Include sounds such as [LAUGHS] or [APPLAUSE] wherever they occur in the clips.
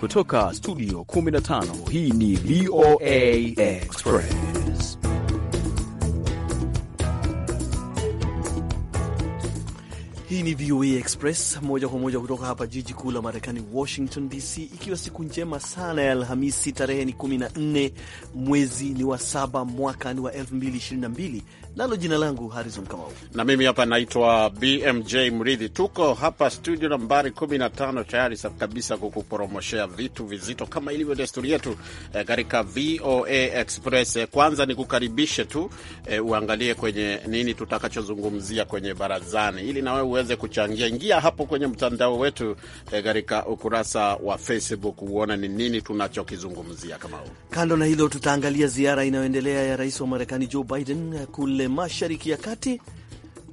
Kutoka studio 15 hii ni VOA Express. Hii ni VOA Express moja kwa moja kutoka hapa jiji kuu la Marekani, Washington DC, ikiwa siku njema sana ya Alhamisi. Tarehe ni 14 mwezi ni wa saba mwaka ni wa 2022 nalo jina langu Harizon Kamau, na mimi hapa naitwa BMJ Mridhi. Tuko hapa studio nambari 15 tayari kabisa kukupromoshea vitu vizito kama ilivyo desturi yetu eh, katika VOA Express. Eh, kwanza ni kukaribishe tu eh, uangalie kwenye nini tutakachozungumzia kwenye barazani, ili nawe uweze kuchangia. Ingia hapo kwenye mtandao wetu eh, katika eh, ukurasa wa Facebook uone ni nini tunachokizungumzia. Kama kando na hilo, tutaangalia ziara inayoendelea ya rais wa Marekani Joe Biden eh, kule kule Mashariki ya Kati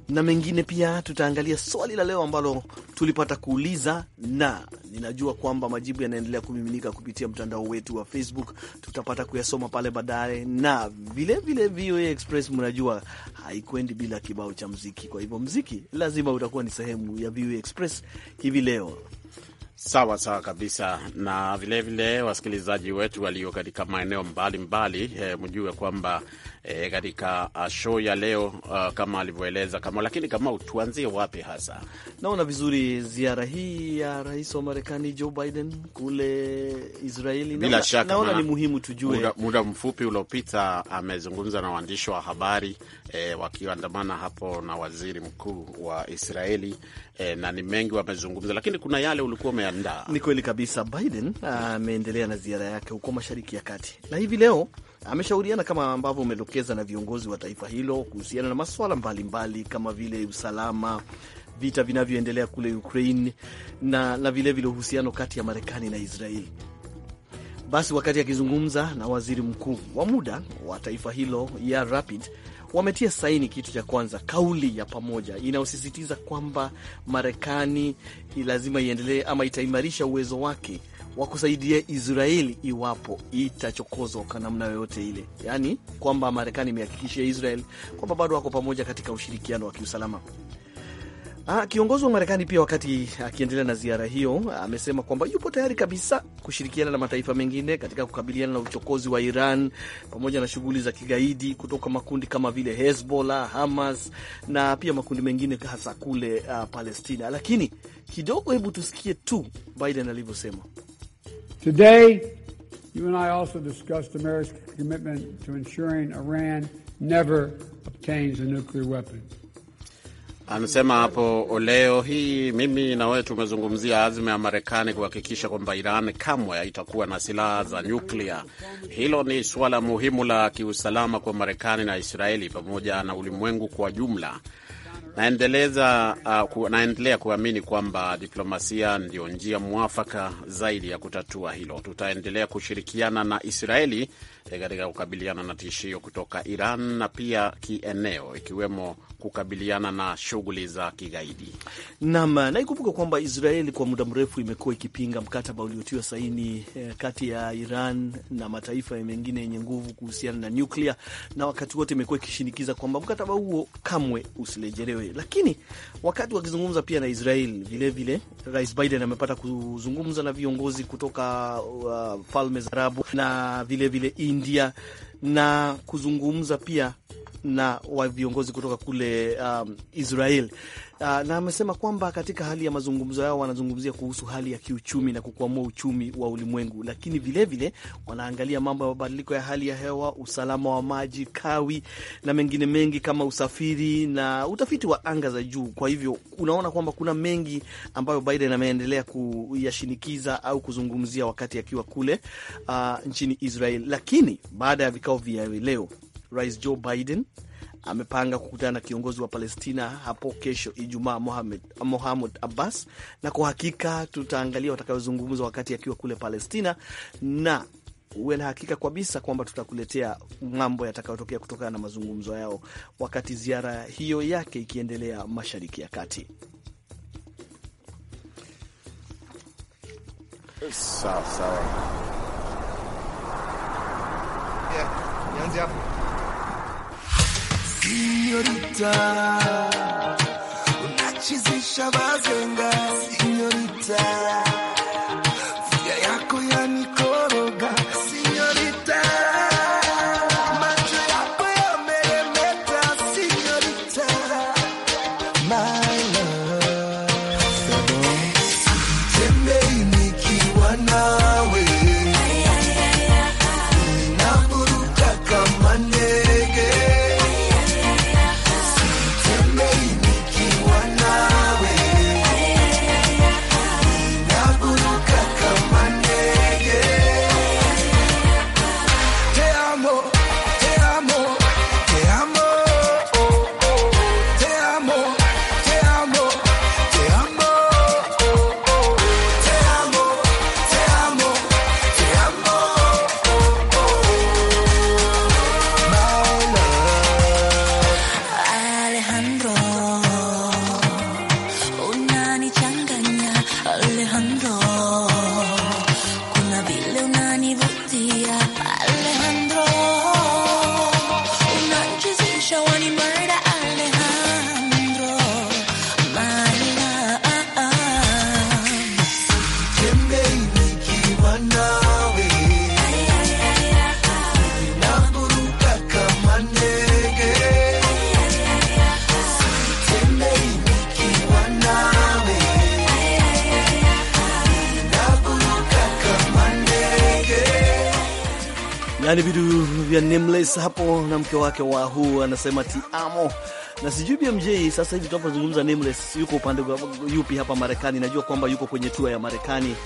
na mengine pia. Tutaangalia swali la leo ambalo tulipata kuuliza, na ninajua kwamba majibu yanaendelea kumiminika kupitia mtandao wetu wa Facebook. Tutapata kuyasoma pale baadaye, na vilevile VOA Express mnajua haikwendi bila kibao cha mziki, kwa hivyo mziki lazima utakuwa ni sehemu ya VOA Express hivi leo. Sawa sawa kabisa, na vilevile vile, wasikilizaji wetu walio katika maeneo mbalimbali mbali, eh, mjue kwamba e, katika uh, show ya leo uh, kama alivyoeleza kama. Lakini kama tuanzie wapi hasa? Naona vizuri ziara hii ya rais wa Marekani Joe Biden kule Israeli, bila shaka naona ni muhimu tujue. Muda, muda mfupi uliopita amezungumza na waandishi wa habari e, wakiandamana hapo na waziri mkuu wa Israeli e, na ni mengi wamezungumza, lakini kuna yale ulikuwa umeandaa. Ni kweli kabisa, Biden ameendelea na ziara yake huko Mashariki ya Kati na hivi leo ameshauriana kama ambavyo umetokea kuelekeza na viongozi wa taifa hilo kuhusiana na masuala mbalimbali kama vile usalama, vita vinavyoendelea kule Ukraine na, na vilevile uhusiano kati ya Marekani na Israeli. Basi wakati akizungumza na waziri mkuu wa muda wa taifa hilo ya Rapid, wametia saini kitu cha kwanza, kauli ya pamoja inayosisitiza kwamba Marekani lazima iendelee ama itaimarisha uwezo wake wa kusaidia Israeli iwapo itachokozwa kwa namna yoyote ile, yaani kwamba Marekani imehakikishia Israeli kwamba bado wako pamoja katika ushirikiano wa kiusalama. Ah, kiongozi wa Marekani pia wakati akiendelea na ziara hiyo amesema kwamba yupo tayari kabisa kushirikiana na mataifa mengine katika kukabiliana na uchokozi wa Iran pamoja na shughuli za kigaidi kutoka makundi kama vile Hezbollah, Hamas na pia makundi mengine hasa kule uh, Palestina. Lakini kidogo, hebu tusikie tu Biden alivyosema. Today, you and I also discussed America's commitment to ensuring Iran never obtains a nuclear weapon. Amesema hapo oh, leo hii, mimi na wewe tumezungumzia azma ya Marekani kuhakikisha kwamba Iran kamwe haitakuwa na silaha za nyuklia. Hilo ni suala muhimu la kiusalama kwa Marekani na Israeli pamoja na ulimwengu kwa jumla naendeleza uh, ku, naendelea kuamini kwamba diplomasia ndio njia mwafaka zaidi ya kutatua hilo. Tutaendelea kushirikiana na Israeli eh, katika kukabiliana na tishio kutoka Iran na pia kieneo, ikiwemo kukabiliana na shughuli za kigaidi. Naam, na kwamba Israeli kwa muda mrefu imekuwa ikipinga mkataba uliotiwa saini eh, kati ya Iran na mataifa mengine yenye nguvu kuhusiana na nyuklia, na wakati wote imekuwa ikishinikiza kwamba mkataba huo kamwe usirejelewe habari. Lakini wakati wakizungumza pia na Israel vilevile, Rais Biden amepata kuzungumza na viongozi kutoka uh, Falme za Arabu na vilevile India na kuzungumza pia na wa viongozi kutoka kule um, Israel uh, na amesema kwamba katika hali ya mazungumzo yao wanazungumzia kuhusu hali ya kiuchumi na kukwamua uchumi wa ulimwengu, lakini vilevile vile, wanaangalia mambo ya mabadiliko ya hali ya hewa, usalama wa maji, kawi na mengine mengi kama usafiri na utafiti wa anga za juu. Kwa hivyo unaona kwamba kuna mengi ambayo Biden ameendelea kuyashinikiza au kuzungumzia wakati akiwa kule uh, nchini Israel, lakini baada ya vikao vikao vya leo, Rais Joe Biden amepanga kukutana na kiongozi wa Palestina hapo kesho Ijumaa, Mohamud Abbas, na kwa hakika tutaangalia watakayozungumza wakati akiwa kule Palestina na uwe na hakika kabisa kwamba tutakuletea mambo yatakayotokea kutokana na mazungumzo yao wakati ziara hiyo yake ikiendelea Mashariki ya Kati. Sawa sawa. Nianze hapo, nianze hapo. Signorita, unachizisha mazenga, signorita yani vitu vya Nameless hapo na mke wake wa huu anasema tiamo na sijui BMJ sasa hivi tunapozungumza Nameless yuko upande yupi hapa Marekani? Najua kwamba yuko kwenye tour ya Marekani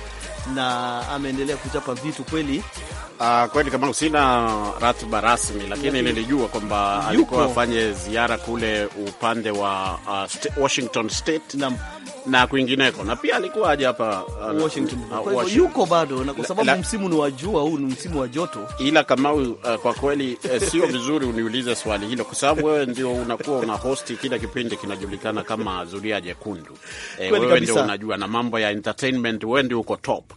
na ameendelea kuchapa vitu kweli. Uh, kweli kama sina ratiba rasmi lakini nilijua kwamba alikuwa afanye ziara kule upande wa uh, ah, st Washington state na, na kwingineko na pia alikuwa aje hapa uh, Washington. Uh, yuko bado na kwa sababu msimu ni wa jua, huu ni msimu wa joto, ila kama uh, kwa kweli uh, sio vizuri uniulize swali hilo kwa sababu wewe ndio unakuwa una hosti kila kipindi kinajulikana kama Zulia Jekundu. Eh, wewe ndio unajua na mambo ya entertainment, wewe ndio uko top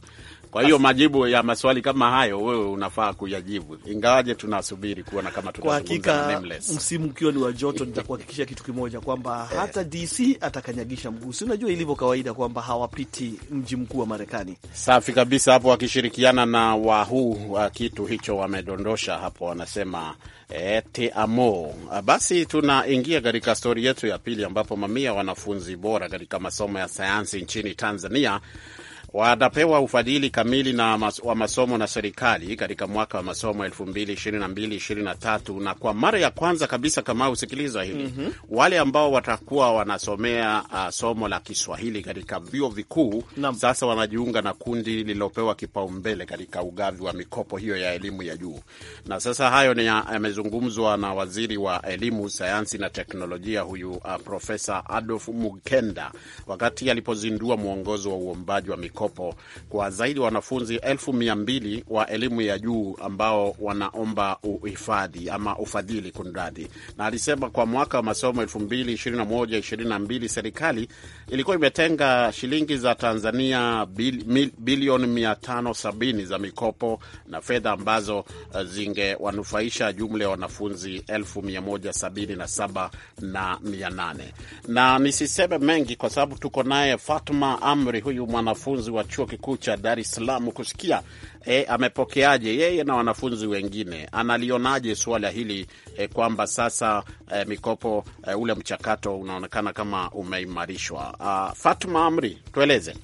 kwa hiyo majibu ya maswali kama hayo wewe unafaa kuyajibu, ingawaje tunasubiri kuona kama tutazungumza na Nameless. Msimu ukiwa ni wa joto, nitakuhakikisha kitu kimoja kwamba hata DC atakanyagisha mguu. Si unajua ilivyo kawaida kwamba hawapiti mji mkuu wa Marekani. Safi kabisa hapo, wakishirikiana na wahuu wa kitu hicho wamedondosha hapo, wanasema eh, te amo. Ah, basi tunaingia katika stori yetu ya pili, ambapo mamia wanafunzi bora katika masomo ya sayansi nchini Tanzania watapewa ufadhili kamili na mas wa masomo na serikali katika mwaka wa masomo 2022/2023 na kwa mara ya kwanza kabisa, kama usikiliza hili mm -hmm. wale ambao watakuwa wanasomea uh, somo la Kiswahili katika vyuo vikuu sasa wanajiunga na kundi lililopewa kipaumbele katika ugavi wa mikopo hiyo ya elimu ya juu. Na sasa hayo ni yamezungumzwa na waziri wa elimu, sayansi na teknolojia huyu uh, Profesa Adolf mukenda wakati alipozindua mwongozo wa uombaji wa mikopo mikopo kwa zaidi ya wanafunzi elfu mia mbili wa elimu ya juu ambao wanaomba uhifadhi ama ufadhili kunradi. Na alisema kwa mwaka wa masomo 2021/22 serikali ilikuwa imetenga shilingi za Tanzania bilioni 570 za mikopo na fedha ambazo uh, zingewanufaisha jumla ya wanafunzi 177 na 800. Na nisiseme mengi kwa sababu tuko naye Fatma Amri, huyu mwanafunzi wa chuo kikuu cha Dar es Salaam kusikia e, amepokeaje yeye na wanafunzi wengine, analionaje suala hili e, kwamba sasa e, mikopo e, ule mchakato unaonekana kama umeimarishwa. Ah, fatma Amri, tueleze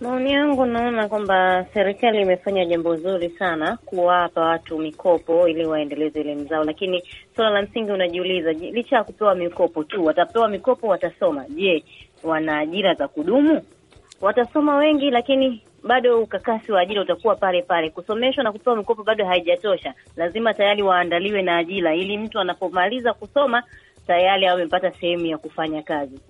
maoni yangu. Naona kwamba serikali imefanya jambo zuri sana kuwapa watu mikopo ili waendeleze elimu zao, lakini suala la msingi unajiuliza, licha ya kupewa mikopo tu, watapewa mikopo watasoma, je, wana ajira za kudumu? watasoma wengi, lakini bado ukakasi wa ajira utakuwa pale pale. Kusomeshwa na kupewa mikopo bado haijatosha, lazima tayari waandaliwe na ajira, ili mtu anapomaliza kusoma tayari amepata sehemu ya kufanya kazi.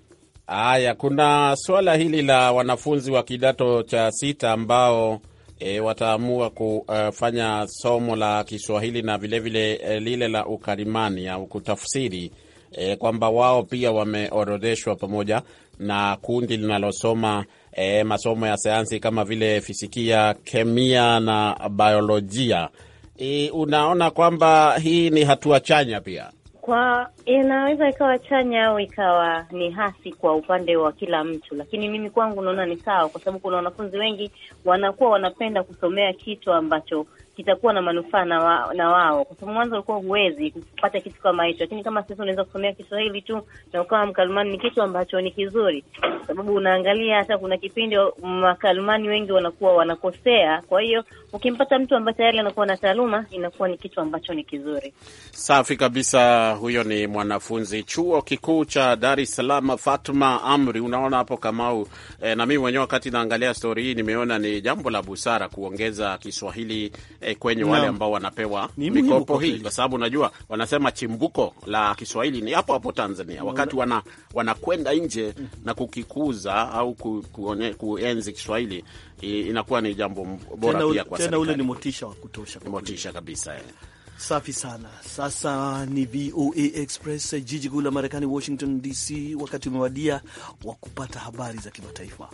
Haya, kuna suala hili la wanafunzi wa kidato cha sita ambao e, wataamua kufanya somo la Kiswahili na vilevile vile, e, lile la ukarimani au kutafsiri e, kwamba wao pia wameorodheshwa pamoja na kundi linalosoma e, masomo ya sayansi kama vile fisikia, kemia na biolojia e, unaona kwamba hii ni hatua chanya pia kwa inaweza ikawa chanya au ikawa ni hasi kwa upande wa kila mtu, lakini mimi kwangu naona ni sawa, kwa sababu kuna wanafunzi wengi wanakuwa wanapenda kusomea kitu ambacho kitakuwa na manufaa na, wa, na wao, kwa sababu mwanzo ulikuwa huwezi kupata kitu kama hicho, lakini kama sasa unaweza kusomea Kiswahili tu na ukawa mkalimani, ni kitu ambacho ni kizuri, kwa sababu unaangalia hata kuna kipindi makalimani wengi wanakuwa wanakosea. Kwa hiyo ukimpata mtu ambaye tayari anakuwa na taaluma, inakuwa ni kitu ambacho ni kizuri. Safi kabisa. Huyo ni mwanafunzi chuo kikuu cha Dar es Salaam, Fatma Amri. Unaona hapo Kamau e, na mimi mwenyewe wakati naangalia stori hii nimeona ni jambo la busara kuongeza Kiswahili e, eh, kwenye wale ambao wanapewa mikopo hii, kwa sababu najua wanasema chimbuko la Kiswahili ni hapo hapo Tanzania. Wakati wana wanakwenda nje na kukikuza au ku, kuone, kuenzi Kiswahili inakuwa ni jambo bora tena, pia kwa tena ule ni motisha wa kutosha, motisha kabisa eh. Safi sana. Sasa ni VOA Express, jiji kuu la Marekani, Washington DC. Wakati umewadia wa kupata habari za kimataifa.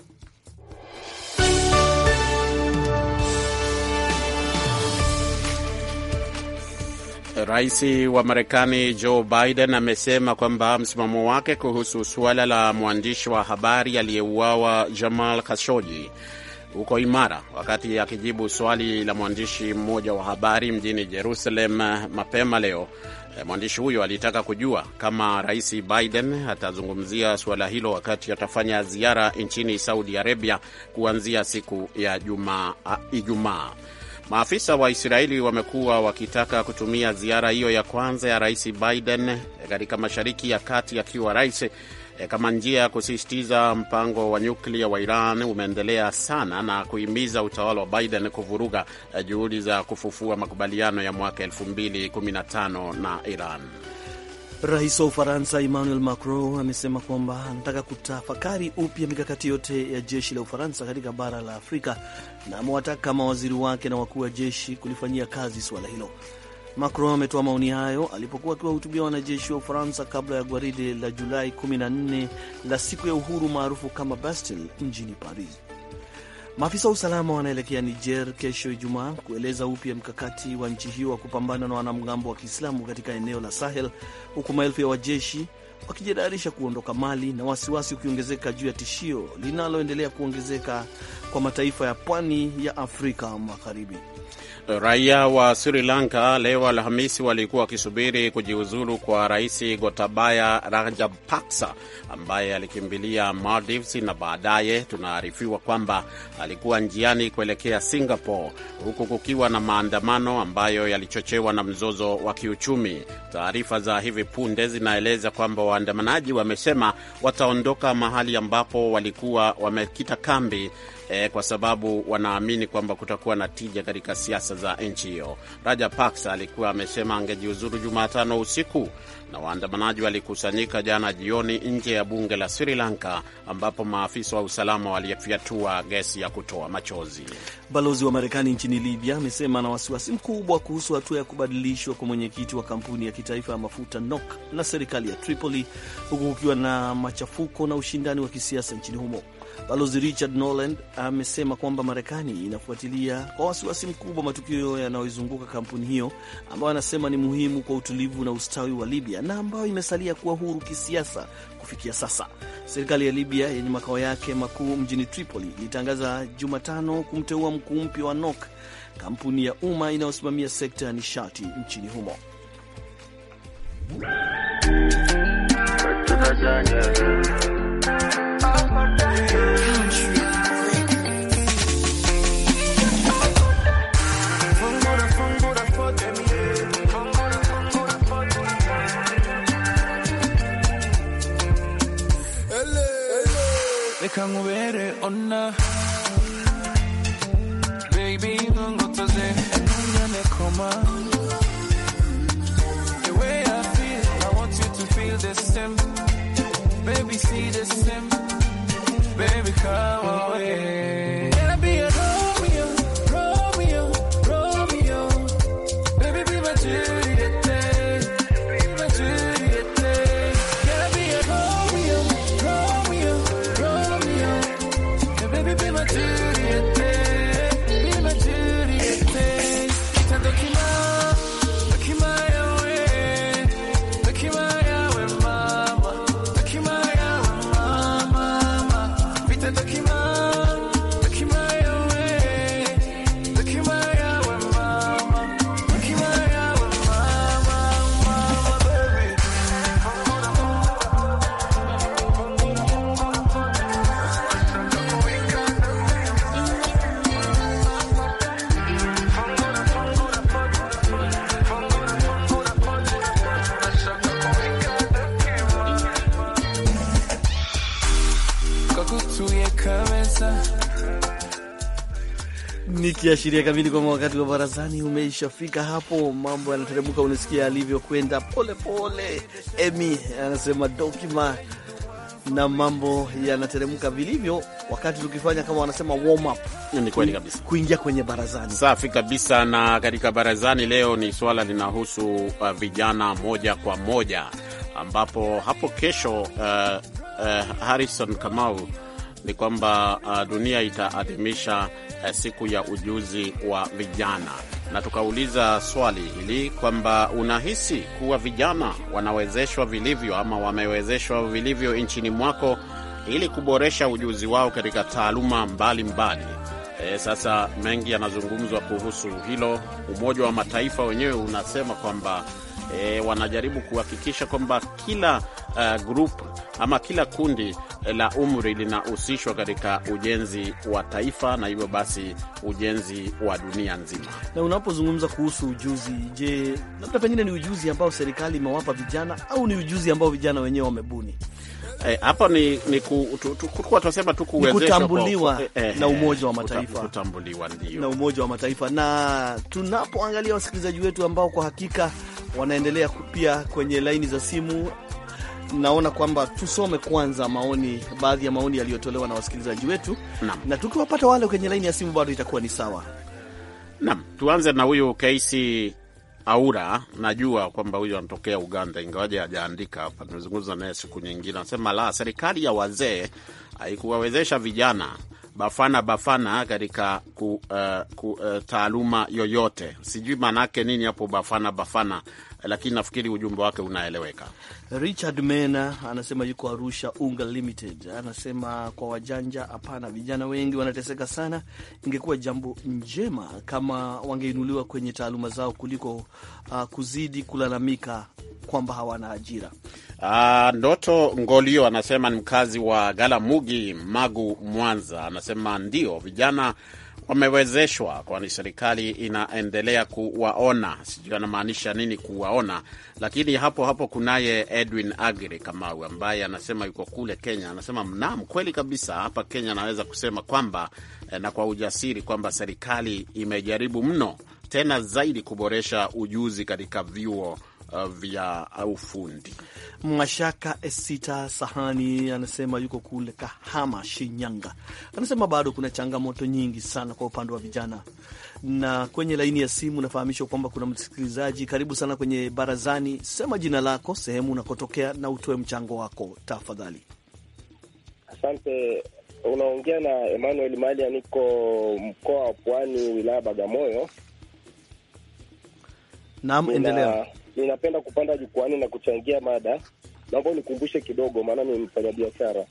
Rais wa Marekani Joe Biden amesema kwamba msimamo wake kuhusu suala la mwandishi wa habari aliyeuawa Jamal Khashoggi uko imara, wakati akijibu swali la mwandishi mmoja wa habari mjini Jerusalem mapema leo. Mwandishi huyo alitaka kujua kama Rais Biden atazungumzia suala hilo wakati atafanya ziara nchini Saudi Arabia kuanzia siku ya Ijumaa. Maafisa wa Israeli wamekuwa wakitaka kutumia ziara hiyo ya kwanza ya Rais Biden katika Mashariki ya Kati akiwa rais eh, kama njia ya kusisitiza mpango wa nyuklia wa Iran umeendelea sana na kuhimiza utawala wa Biden kuvuruga eh, juhudi za kufufua makubaliano ya mwaka 2015 na Iran. Rais wa Ufaransa Emmanuel Macron amesema kwamba anataka kutafakari upya mikakati yote ya jeshi la Ufaransa katika bara la Afrika na amewataka mawaziri wake na wakuu wa jeshi kulifanyia kazi suala hilo. Macron ametoa maoni hayo alipokuwa akiwahutubia wanajeshi wa Ufaransa kabla ya gwaride la Julai 14 la siku ya uhuru maarufu kama Bastille mjini Paris. Maafisa wa usalama wanaelekea Niger kesho Ijumaa kueleza upya mkakati wa nchi hiyo wa kupambana na wanamgambo wa Kiislamu katika eneo la Sahel, huku maelfu ya wajeshi wakijitayarisha kuondoka Mali na wasiwasi ukiongezeka juu ya tishio linaloendelea kuongezeka kwa mataifa ya pwani ya Afrika Magharibi. Raia wa Sri Lanka leo Alhamisi walikuwa wakisubiri kujiuzulu kwa Rais Gotabaya Rajapaksa ambaye alikimbilia Maldives na baadaye tunaarifiwa kwamba alikuwa njiani kuelekea Singapore, huku kukiwa na maandamano ambayo yalichochewa na mzozo wa kiuchumi. Taarifa za hivi punde zinaeleza kwamba waandamanaji wamesema wataondoka mahali ambapo walikuwa wamekita kambi eh, kwa sababu wanaamini kwamba kutakuwa na tija katika siasa za nchi hiyo. Raja Paksa alikuwa amesema angejiuzuru Jumatano usiku, na waandamanaji walikusanyika jana jioni nje ya bunge la Sri Lanka ambapo maafisa wa usalama walifyatua gesi ya kutoa machozi. Balozi wa Marekani nchini Libya amesema na wasiwasi mkubwa kuhusu hatua ya kubadilishwa kwa mwenyekiti wa kampuni ya kitaifa ya mafuta NOC na serikali ya Tripoli, huku kukiwa na machafuko na ushindani wa kisiasa nchini humo. Balozi Richard noland amesema kwamba Marekani inafuatilia kwa wasiwasi mkubwa matukio yanayoizunguka kampuni hiyo ambayo anasema ni muhimu kwa utulivu na ustawi wa Libya na ambayo imesalia kuwa huru kisiasa kufikia sasa. Serikali ya Libya yenye makao yake makuu mjini Tripoli ilitangaza Jumatano kumteua mkuu mpya wa NOC, kampuni ya umma inayosimamia sekta ya nishati nchini humo. Kiashiria kamili kwamba wakati wa barazani umeishafika. Hapo mambo yanateremka, unasikia alivyokwenda polepole. Emi anasema dokima na mambo yanateremka vilivyo, wakati tukifanya kama wanasema warm up. Ni kweli kabisa, kuingia kwenye barazani. Safi kabisa. Na katika barazani leo ni swala linahusu uh, vijana moja kwa moja, ambapo hapo kesho uh, uh, Harrison Kamau, ni kwamba uh, dunia itaadhimisha Eh, siku ya ujuzi wa vijana, na tukauliza swali hili kwamba unahisi kuwa vijana wanawezeshwa vilivyo ama wamewezeshwa vilivyo nchini mwako ili kuboresha ujuzi wao katika taaluma mbalimbali mbali. Eh, e, sasa mengi yanazungumzwa kuhusu hilo. Umoja wa Mataifa wenyewe unasema kwamba e, wanajaribu kuhakikisha kwamba kila uh, group ama kila kundi la umri linahusishwa katika ujenzi wa taifa na hivyo basi ujenzi wa dunia nzima. Na unapozungumza kuhusu ujuzi, je, labda pengine ni ujuzi ambao serikali imewapa vijana au ni ujuzi ambao vijana wenyewe wamebuni? E, hapa e, ni tunasema tu kutambuliwa eh, eh, na Umoja wa Mataifa, kutambuliwa ndio na Umoja wa Mataifa. Na tunapoangalia wasikilizaji wetu ambao kwa hakika wanaendelea pia kwenye laini za simu. Naona kwamba tusome kwanza maoni, baadhi ya maoni yaliyotolewa na wasikilizaji wetu na, na tukiwapata wale kwenye laini ya simu bado itakuwa ni sawa. Naam, tuanze na huyu Keisi Aura. Najua kwamba huyu anatokea Uganda, ingawaje hajaandika hapa. Tumezungumza naye siku nyingine, anasema la serikali ya wazee haikuwawezesha vijana Bafana Bafana katika ku, uh, ku, uh, taaluma yoyote. Sijui maanake nini hapo Bafana Bafana, lakini nafikiri ujumbe wake unaeleweka. Richard Mena anasema yuko Arusha, Unga Limited, anasema kwa wajanja hapana, vijana wengi wanateseka sana. Ingekuwa jambo njema kama wangeinuliwa kwenye taaluma zao kuliko uh, kuzidi kulalamika kwamba hawana ajira. Uh, Ndoto Ngolio anasema ni mkazi wa Galamugi, Magu, Mwanza, anasema ndio vijana wamewezeshwa, kwani serikali inaendelea kuwaona. Sijui anamaanisha nini kuwaona, lakini hapo hapo kunaye Edwin Agri Kamau ambaye anasema yuko kule Kenya, anasema naam, kweli kabisa, hapa Kenya anaweza kusema kwamba eh, na kwa ujasiri kwamba serikali imejaribu mno tena zaidi kuboresha ujuzi katika vyuo Uh, vya uh, ufundi. Mashaka Esita Sahani anasema yuko kule Kahama, Shinyanga. Anasema bado kuna changamoto nyingi sana kwa upande wa vijana. Na kwenye laini ya simu nafahamishwa kwamba kuna msikilizaji. Karibu sana kwenye barazani, sema jina lako, sehemu unakotokea na utoe mchango wako tafadhali. Asante. Unaongea na Emmanuel Malia, niko mkoa wa Pwani, wilaya Bagamoyo. Naam, endelea ninapenda kupanda jukwani na kuchangia mada. Naomba unikumbushe kidogo, maana ni mfanyabiashara.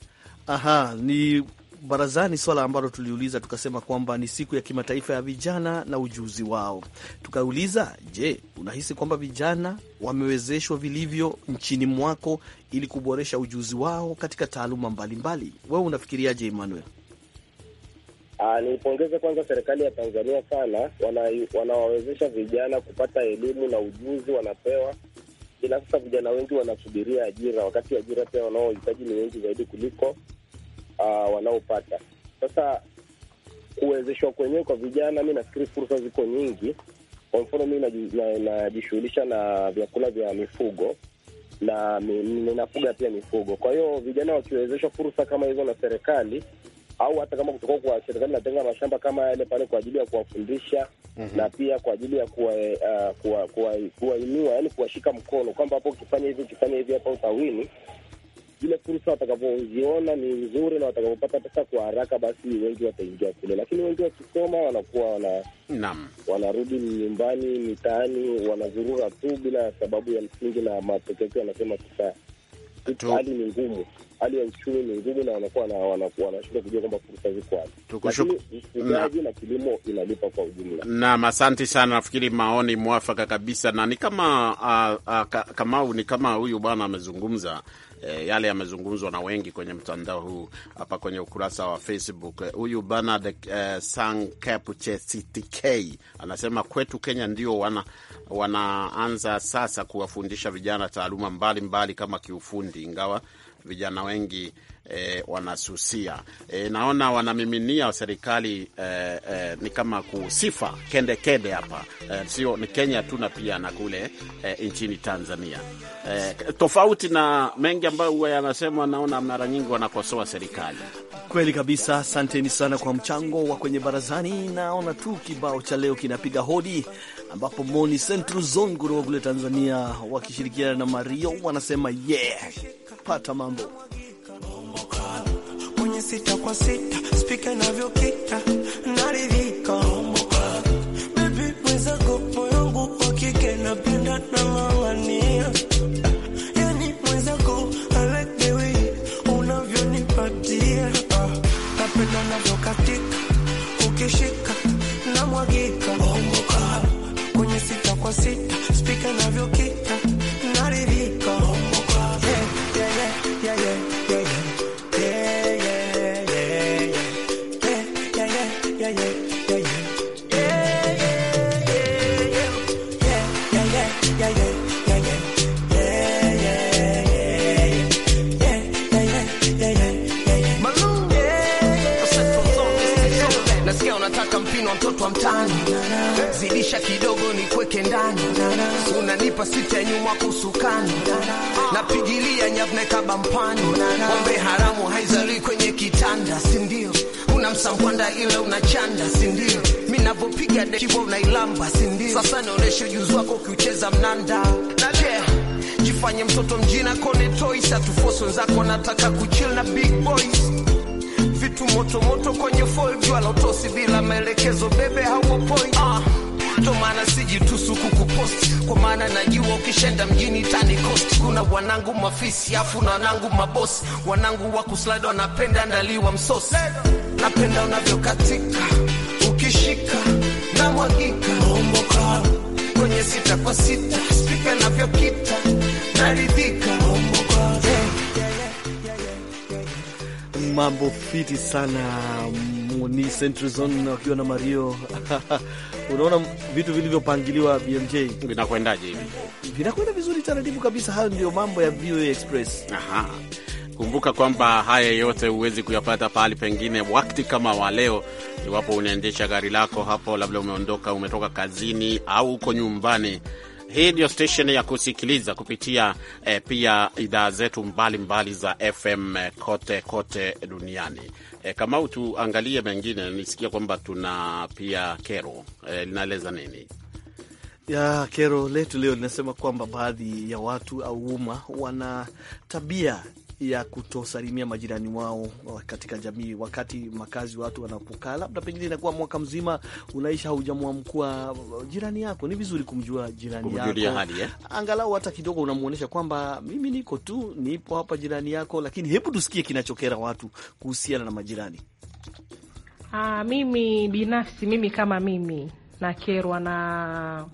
Aha, ni barazani, swala ambalo tuliuliza tukasema kwamba ni siku ya kimataifa ya vijana na ujuzi wao. Tukauliza, je, unahisi kwamba vijana wamewezeshwa vilivyo nchini mwako ili kuboresha ujuzi wao katika taaluma mbalimbali? Wewe unafikiriaje, Emmanuel? Ah, Niipongeze kwanza serikali ya Tanzania sana, wanawawezesha wana vijana kupata elimu na ujuzi wanapewa, ila sasa vijana wengi wanasubiria ajira, wakati ajira pia wanaohitaji ni wengi zaidi kuliko uh, wanaopata sasa. Kuwezeshwa kwenyewe kwa vijana, mi nafikiri fursa ziko nyingi. Kwa mfano, mi najishughulisha na, na, na vyakula vya mifugo na ninafuga pia mifugo. Kwa hiyo vijana wakiwezeshwa fursa kama hizo na serikali au hata kama kutoka kwa serikali inatenga mashamba kama yale pale kwa ajili ya kuwafundisha mm -hmm. na pia kwa ajili ya kuwainua uh, eh, ah, kuwa, kuwa, kuwa kuwashika mkono kwamba hapo ukifanya hivi ukifanya hivi hapa utawini. Zile fursa watakavyoziona ni nzuri na watakavyopata pesa kwa haraka, basi wengi wataingia kule, lakini wengi wakisoma wanakuwa wana naam, wanarudi nyumbani, mitaani, wanazurura tu bila sababu ya msingi, na matokeo yanasema kisaa hali ni ngumu, hali ya uchumi ni ngumu, na wanakuwa wanashindwa kujua kwamba fursa ziko wapi. Tukushukuru. Ufugaji na kilimo inalipa kwa ujumla. Naam, asante sana. Nafikiri maoni mwafaka kabisa, na ni kama uh, uh, Kamau, ni kama huyu bwana amezungumza e, yale yamezungumzwa na wengi kwenye mtandao huu hapa kwenye ukurasa wa Facebook. Eh, huyu Bernard e, eh, Sankepchectk anasema kwetu Kenya ndio wana wanaanza sasa kuwafundisha vijana taaluma mbalimbali mbali kama kiufundi, ingawa vijana wengi e, wanasusia e, naona wanamiminia serikali e, e, ni kama kusifa kendekende hapa e, sio ni Kenya tu na pia na kule e, nchini Tanzania e, tofauti na mengi ambayo huwa yanasema, naona mara nyingi wanakosoa serikali. Kweli kabisa, asanteni sana kwa mchango wa kwenye barazani. Naona tu kibao cha leo kinapiga hodi, ambapo Moni Central Zone kutoka kule Tanzania wakishirikiana na Mario wanasema yeah, pata mambo sita kwa sita, spika inavyokita naridhika. Baby mwenzako moyo wangu wa kike napenda nang'ang'ania, yani mwenzako I like the way unavyonipatia, napenda navyokatika, ukishika kwenye sita kwa sita, spika inavyokita Nasikia unataka mpino wa mtoto wa mtaani, zidisha kidogo ni kweke ndani, unanipa sita ya nyuma kusukani, napigilia nyavne kabampani, pombe haramu haizali kwenye kitanda, si ndio? una msambwanda ile unachanda, si ndio? Mi navyopiga dekiwa unailamba, si ndio? Sasa naonesha ujuzi wako ukiucheza mnanda na naje jifanye mtoto mjina kone toys atufos wenzako nataka kuchill na big boys vitu motomoto kwenye folgi wala utosi bila maelekezo bebe hawo point uh ndo maana sijitusuku kuposti, kwa maana najua ukishenda mjini tani kosti. Kuna wanangu mafisi afu na wanangu mabosi, wanangu wa kuslide wanapenda ndaliwa msosi, napenda unavyokatika ukishika na mwagika omboka kwenye sita kwa sita spika navyokita naridhika mambo fiti sana ni Centrizon wakiwa na Mario [LAUGHS] unaona vitu vilivyopangiliwa BMJ vinakwendaje hivi? Vinakwenda vizuri taratibu kabisa. Hayo ndio mambo ya VOA Express. Aha. Kumbuka kwamba haya yote huwezi kuyapata pahali pengine wakati kama wa leo. Iwapo unaendesha gari lako hapo, labda umeondoka, umetoka kazini au uko nyumbani, hii ndio station ya kusikiliza kupitia eh, pia idhaa zetu mbalimbali mbali za FM eh, kote kote duniani. E, eh, Kamau, tuangalie mengine. Nisikia kwamba tuna pia kero e, linaeleza nini? ya kero letu leo linasema kwamba baadhi ya watu au umma wana tabia ya kutosalimia majirani wao katika jamii, wakati makazi watu wanapokaa, labda pengine inakuwa mwaka mzima unaisha, haujamwamkua jirani yako. Ni vizuri kumjua jirani yako hali, eh? Angalau hata kidogo unamwonyesha kwamba mimi niko tu, nipo hapa jirani yako. Lakini hebu tusikie kinachokera watu kuhusiana na majirani. Aa, ah, mimi binafsi mimi kama mimi nakerwa na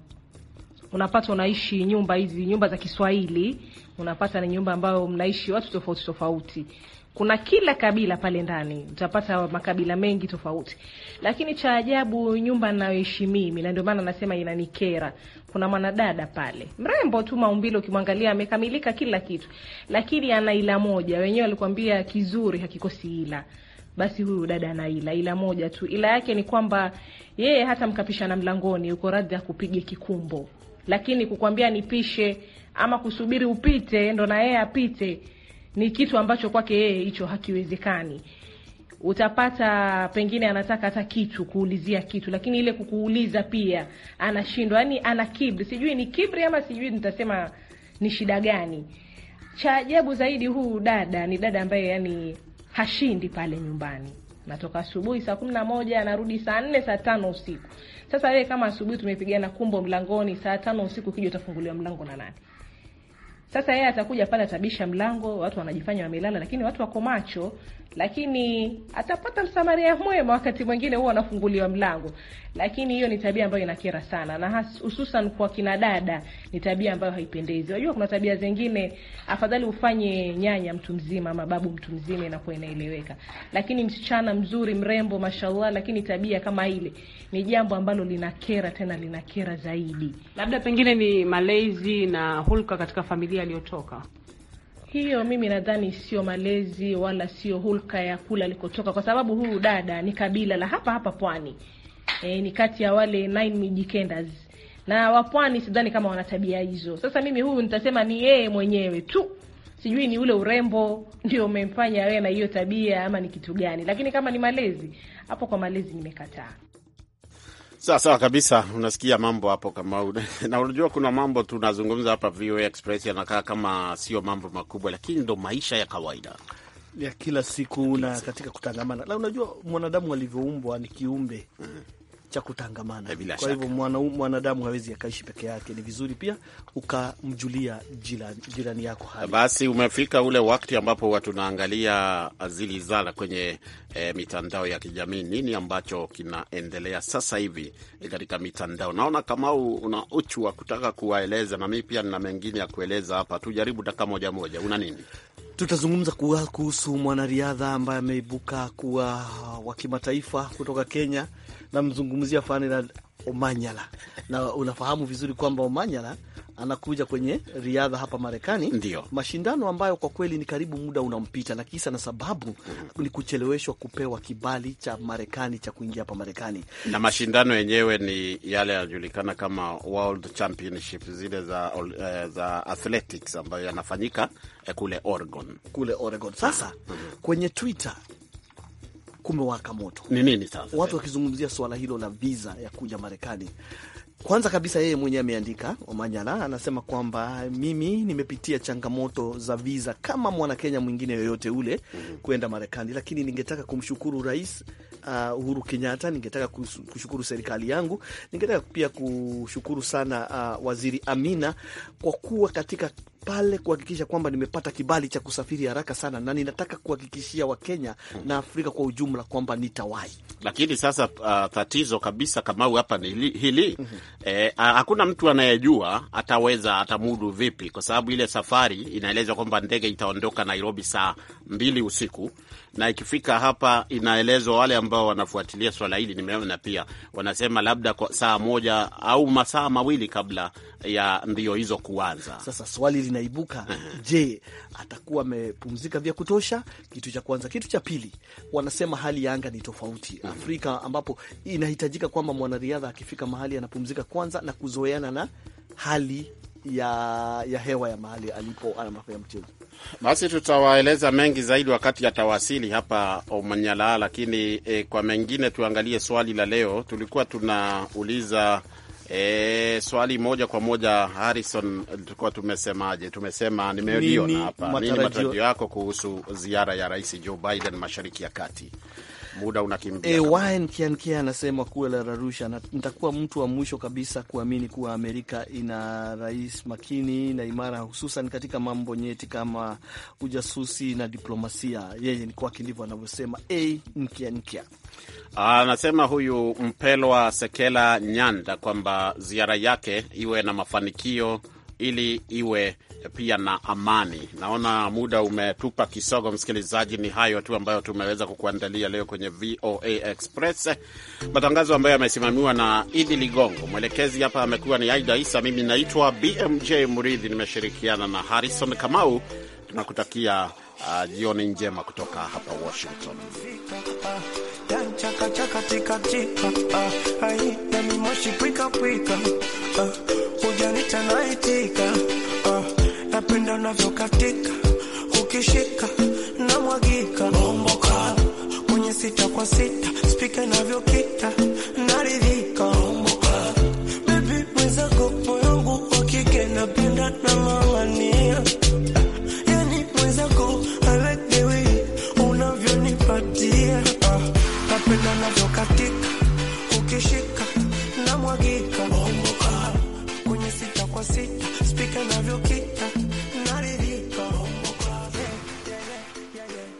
unapata unaishi nyumba hizi nyumba za Kiswahili unapata ni nyumba ambayo mnaishi watu tofauti tofauti kuna kila kabila pale ndani, utapata makabila mengi tofauti. Lakini cha ajabu, nyumba nayoishi mimi, na ndio maana nasema inanikera, kuna mwanadada pale mrembo tu, maumbile ukimwangalia amekamilika kila kitu, lakini ana ila moja. Wenyewe walikwambia kizuri hakikosi ila. Basi huyu dada ana ila ila moja tu, ila yake ni kwamba yeye hata mkapishana mlangoni, uko radhi akupige kikumbo lakini kukwambia nipishe ama kusubiri upite ndo na yeye apite ni kitu ambacho kwake yeye hicho hakiwezekani. Utapata pengine anataka hata kitu kuulizia kitu, lakini ile kukuuliza pia anashindwa. Yani ana kibri, sijui ni kibri ama sijui nitasema ni shida gani. Cha ajabu zaidi, huu dada ni dada ambaye yani hashindi pale nyumbani, natoka asubuhi saa kumi na moja anarudi saa nne saa tano usiku. Sasa wewe kama asubuhi tumepigana kumbo mlangoni, saa tano usiku kija utafunguliwa mlango na nani? Sasa yeye atakuja pale atabisha mlango, watu wanajifanya wamelala, lakini watu wako macho, lakini atapata msamaria mwema. Wakati mwingine huwa anafunguliwa mlango, lakini hiyo ni tabia ambayo inakera sana, na hususan kwa kina dada ni tabia ambayo haipendezi. Wajua kuna tabia zingine afadhali ufanye nyanya mtu mzima ama babu mtu mzima, inakuwa inaeleweka, lakini msichana mzuri mrembo, mashallah, lakini tabia kama ile ni jambo ambalo linakera, tena linakera zaidi. Labda pengine ni malezi na hulka katika familia aliyotoka hiyo mimi nadhani sio malezi wala sio hulka ya kula alikotoka, kwa sababu huyu dada ni kabila la hapa hapa pwani. E, ni kati ya wale nine Mijikenders na wapwani, sidhani kama wana tabia hizo. Sasa mimi huyu nitasema ni yeye mwenyewe tu, sijui ni ule urembo ndio umemfanya awe na hiyo tabia ama ni kitu gani, lakini kama ni malezi hapo, kwa malezi nimekataa. Sawa sawa kabisa, unasikia mambo hapo kama [LAUGHS] na unajua, kuna mambo tunazungumza hapa VOA Express yanakaa kama sio mambo makubwa, lakini ndo maisha ya kawaida ya kila siku na katika kutangamana na unajua mwanadamu alivyoumbwa ni kiumbe mm cha kutangamana. Eh, Kwa hivyo mwanadamu hawezi akaishi peke yake, ni vizuri pia ukamjulia jirani yako hali. Basi umefika ule wakati ambapo watu naangalia zilizala kwenye e, mitandao ya kijamii, nini ambacho kinaendelea sasa hivi eh, katika mitandao. Naona kama una uchu wa kutaka kuwaeleza, na mimi pia nina mengine ya kueleza hapa. Tujaribu dakika moja moja, una nini? Tutazungumza kuhusu mwanariadha ambaye ameibuka kuwa wa kimataifa kutoka Kenya. Namzungumzia Fanilad Omanyala, na unafahamu vizuri kwamba Omanyala anakuja kwenye riadha hapa Marekani. ndio mashindano ambayo kwa kweli ni karibu muda unampita, na kisa na sababu mm ni kucheleweshwa kupewa kibali cha Marekani cha kuingia hapa Marekani, na mashindano yenyewe ni yale yanajulikana kama World Championship zile za, uh, za athletics ambayo yanafanyika eh, kule Oregon, kule Oregon. Sasa mm -hmm. kwenye Twitter kumewaka moto. Ni nini sasa watu wakizungumzia swala hilo la visa ya kuja Marekani? Kwanza kabisa yeye mwenyewe ameandika, Omanyala anasema kwamba mimi nimepitia changamoto za viza kama mwanakenya mwingine yoyote ule mm -hmm. kwenda Marekani, lakini ningetaka kumshukuru Rais uh, Uhuru Kenyatta, ningetaka kushukuru serikali yangu, ningetaka pia kushukuru sana uh, Waziri Amina kwa kuwa katika pale kuhakikisha kwamba nimepata kibali cha kusafiri haraka sana, na ninataka kuhakikishia Wakenya na Afrika kwa ujumla kwamba nitawahi. Lakini sasa uh, tatizo kabisa Kamau hapa ni hili, hili. Mm -hmm. Eh, hakuna mtu anayejua ataweza atamudu vipi, kwa sababu ile safari inaelezwa kwamba ndege itaondoka Nairobi saa mbili usiku na ikifika hapa, inaelezwa wale ambao wanafuatilia swala hili, nimeona pia wanasema labda kwa saa moja au masaa mawili kabla ya mbio hizo kuanza. Sasa swali zinaibuka, je, atakuwa amepumzika vya kutosha? Kitu cha kwanza. Kitu cha pili, wanasema hali ya anga ni tofauti mhm. Afrika, ambapo inahitajika kwamba mwanariadha akifika mahali anapumzika kwanza na kuzoeana na hali ya, ya hewa ya mahali alipo anafanya mchezo. Basi tutawaeleza mengi zaidi wakati atawasili hapa Omanyala, lakini e, kwa mengine tuangalie swali la leo. Tulikuwa tunauliza E, swali moja kwa moja Harrison, tulikuwa tumesemaje? Tumesema nimeliona hapa nini matarajio yako kuhusu ziara ya Rais Joe Biden Mashariki ya Kati? muda unakimbia. Ewaye eh, Mkiamkia anasema kuwe la rarusha, nitakuwa mtu wa mwisho kabisa kuamini kuwa Amerika ina rais makini na imara, hususan katika mambo nyeti kama ujasusi na diplomasia. Yeye ni kwake ndivyo anavyosema e, Mkiamkia ah, anasema huyu Mpelwa Sekela Nyanda kwamba ziara yake iwe na mafanikio ili iwe pia na amani. Naona muda umetupa kisogo, msikilizaji. Ni hayo tu ambayo tumeweza kukuandalia leo kwenye VOA Express, matangazo ambayo yamesimamiwa na Idi Ligongo, mwelekezi hapa amekuwa ni Aida Isa, mimi naitwa BMJ Muridhi, nimeshirikiana na Harrison Kamau. Tunakutakia uh, jioni njema kutoka hapa Washington napenda navyokatika, ukishika na mwagika, bomboka kwenye sita kwa sita, spika navyokita, naridhika, bomboka bebi mwenzako, moyo wangu wa kike, napenda na mang'ania ah, napenda navyokatika ukishika na mwagika